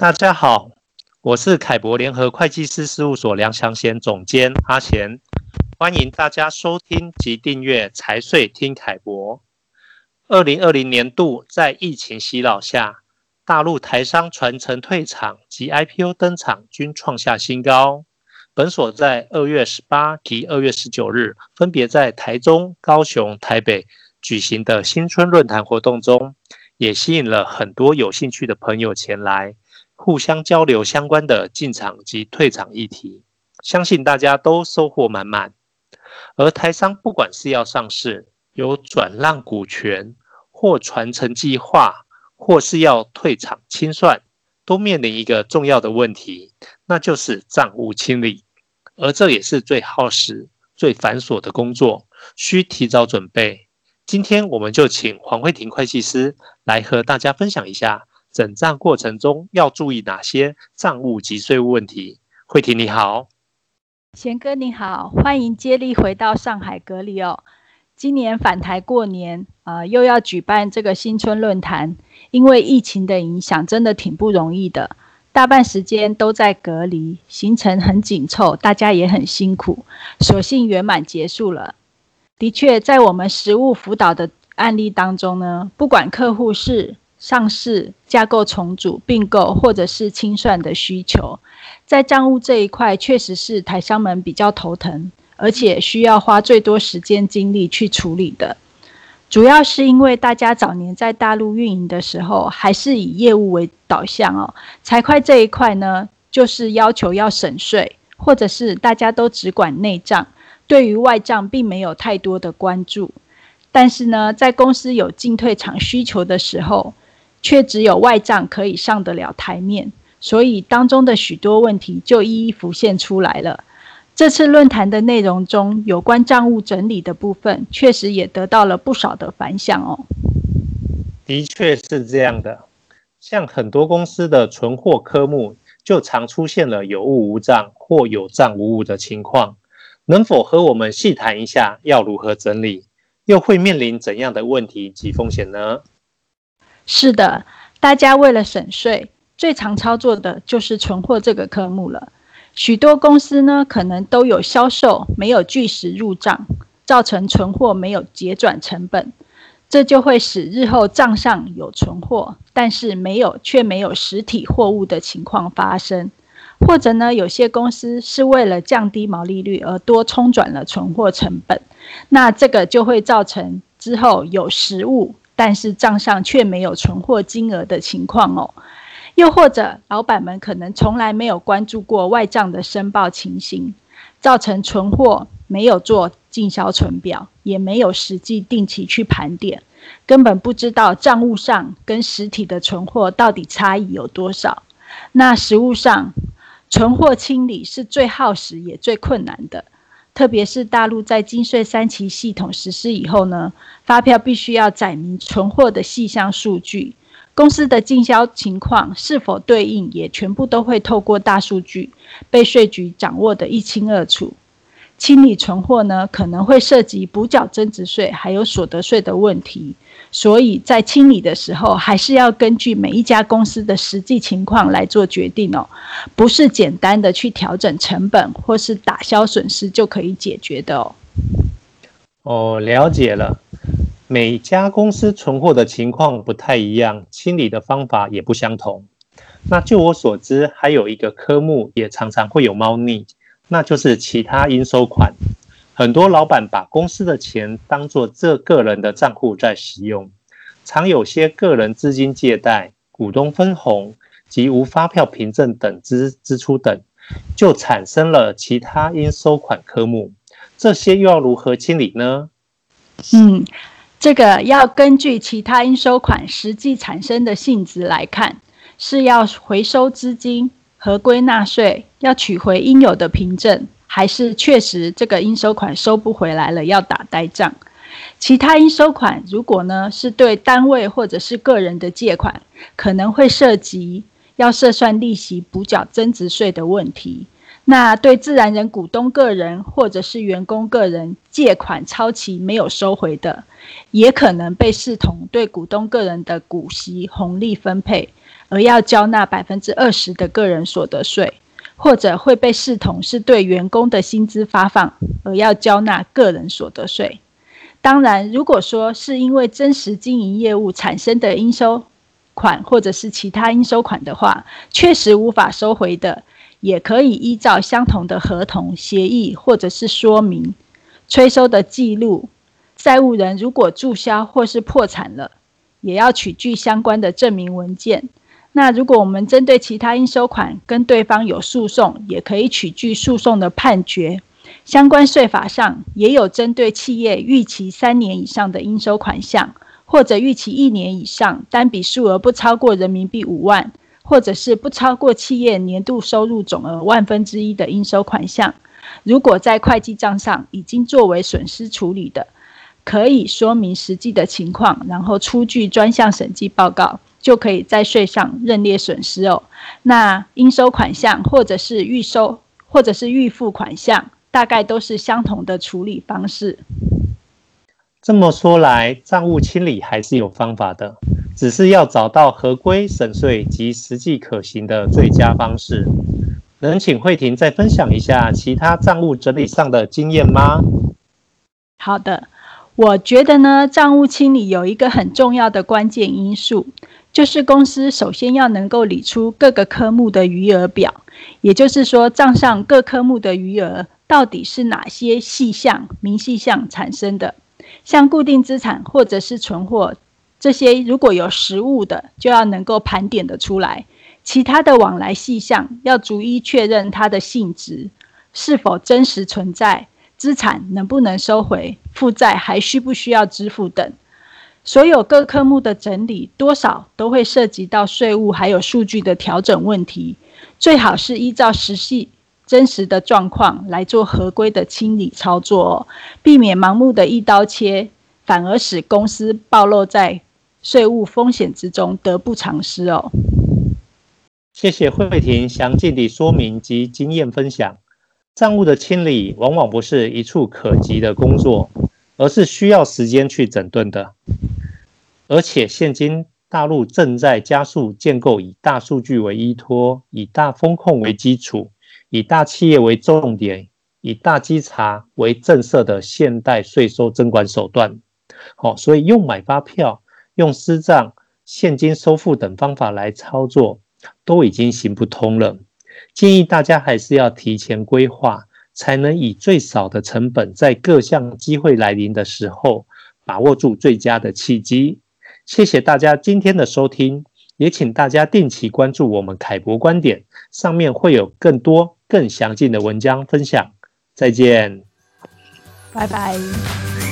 大家好，我是凱博聯合會計師事務所梁祥賢總監阿賢，歡迎大家收聽及訂閱財稅聽凱博。二零二零年度在疫情襲擾下，大陸台商傳承退場及 IPO 登場均創下新高。本所在二月十八及二月十九日分別在台中、高雄、台北舉行的新春論壇活動中，也吸引了很多有興趣的朋友前來。互相交流相關的進場及退場議題，相信大家都收穫滿滿。而台商不管是要上市、有轉讓股權、或傳承計劃，或是要退場清算，都面臨一個重要的問題，那就是賬務清理。而這也是最耗時、最繁瑣的工作，需提早準備。今天我們就請黃慧婷會計師來和大家分享一下。整賬過程中要注意哪些賬務及稅務問題？惠婷你好，賢哥你好，歡迎接力回到上海隔離哦。今年返台過年，啊、呃，又要舉辦這個新春論壇，因為疫情的影響，真的挺不容易的。大半時間都在隔離，行程很緊湊，大家也很辛苦，所幸圓滿結束了。的確，在我們實務輔導的案例當中呢，不管客戶是。上市、架構重組、併購或者是清算的需求，在賬務這一塊，確實是台商們比較頭疼，而且需要花最多時間精力去處理的。主要是因為大家早年在大陸運營的時候，還是以業務為導向哦。財會這一塊呢，就是要求要省稅，或者是大家都只管內賬，對於外賬並沒有太多的關注。但是呢，在公司有進退場需求的時候，卻只有外賬可以上得了台面，所以當中的許多問題就一一浮現出來了。這次論壇的內容中，有關賬務整理的部分，確實也得到了不少的反響哦。的確是這樣的，像很多公司的存貨科目，就常出現了有物無賬或有賬無物的情況。能否和我們細談一下，要如何整理，又會面臨怎樣的問題及風險呢？是的，大家為了省稅，最常操作的就是存貨這個科目了。許多公司呢，可能都有銷售，沒有據實入賬，造成存貨沒有結轉成本，這就會使日後賬上有存貨，但是沒有，卻沒有實體貨物的情況發生。或者呢，有些公司是為了降低毛利率而多沖轉了存貨成本，那這個就會造成之後有實物。但是賬上卻沒有存貨金額的情況哦，又或者老闆們可能從來沒有關注過外賬的申報情形，造成存貨沒有做進銷存表，也沒有實際定期去盤點，根本不知道賬務上跟實體的存貨到底差異有多少。那實務上存貨清理是最耗時也最困難的。特別是大陸在金稅三期系統實施以後呢，發票必須要載明存貨的細項數據，公司的進銷情況是否對應，也全部都會透過大數據被稅局掌握得一清二楚。清理存貨呢，可能會涉及補繳增值稅還有所得稅的問題。所以在清理的時候，還是要根據每一家公司的實際情況來做決定哦，不是簡單的去調整成本或是打消損失就可以解決的哦。哦，了解了。每家公司存貨的情況不太一樣，清理的方法也不相同。那就我所知，還有一個科目也常常會有貓膩，那就是其他應收款。很多老板把公司的錢當做這個人的賬戶在使用，常有些個人資金借貸、股東分紅及無發票憑證等支支出等，就產生了其他應收款科目。這些又要如何清理呢？嗯，這個要根據其他應收款實際產生的性質來看，是要回收資金、合規納稅、要取回應有的憑證。還是確實這個應收款收不回來了，要打呆賬。其他應收款如果呢是對單位或者是個人的借款，可能會涉及要設算利息補繳增值稅的問題。那對自然人股東個人或者是員工個人借款超期沒有收回的，也可能被視同對股東個人的股息紅利分配，而要交納百分之二十的個人所得稅。或者會被視同是對員工的薪資發放，而要繳納個人所得稅。當然，如果說是因為真實經營業務產生的應收款或者是其他應收款的話，確實無法收回的，也可以依照相同的合同協議或者是說明、催收的記錄。債務人如果注銷或是破產了，也要取具相關的證明文件。那如果我們針對其他應收款跟對方有訴訟，也可以出具訴訟的判決。相關稅法上也有針對企業逾期三年以上的應收款項，或者逾期一年以上單筆數額不超過人民幣五萬，或者是不超過企業年度收入總額萬分之一的應收款項。如果在會計賬上已經作為損失處理的，可以說明實際的情況，然後出具專項審計報告。就可以在稅上認列損失哦。那應收款項或者是預收或者是預付款項，大概都是相同的處理方式。這麼說來，賬務清理還是有方法的，只是要找到合規、省稅及實際可行的最佳方式。能請慧婷再分享一下其他賬務整理上的經驗嗎？好的，我覺得呢，賬務清理有一個很重要的關鍵因素。就是公司首先要能夠理出各個科目的餘額表，也就是說賬上各科目的餘額到底是哪些細項明細項產生的，像固定資產或者是存貨這些如果有實物的，就要能夠盤點得出來；其他的往來細項要逐一確認它的性質是否真實存在，資產能不能收回，負債還需不需要支付等。所有各科目的整理，多少都會涉及到稅務還有數據的調整問題。最好是依照實際真實的狀況來做合規的清理操作哦，避免盲目的一刀切，反而使公司暴露在稅務風險之中，得不償失哦。謝謝惠婷詳盡的說明及經驗分享。賬務的清理往往不是一蹴可幾的工作，而是需要時間去整頓的。而且，現今大陸正在加速建構以大數據為依托、以大風控為基礎、以大企業為重點、以大稽查為政策的現代稅收徵管手段。好、哦，所以用買發票、用私賬、現金收付等方法來操作，都已經行不通了。建議大家還是要提前規劃，才能以最少的成本，在各項機會來臨的時候，把握住最佳的契機。謝謝大家今天的收聽，也請大家定期關注我們凱博觀點，上面會有更多更詳盡的文章分享。再見，拜拜。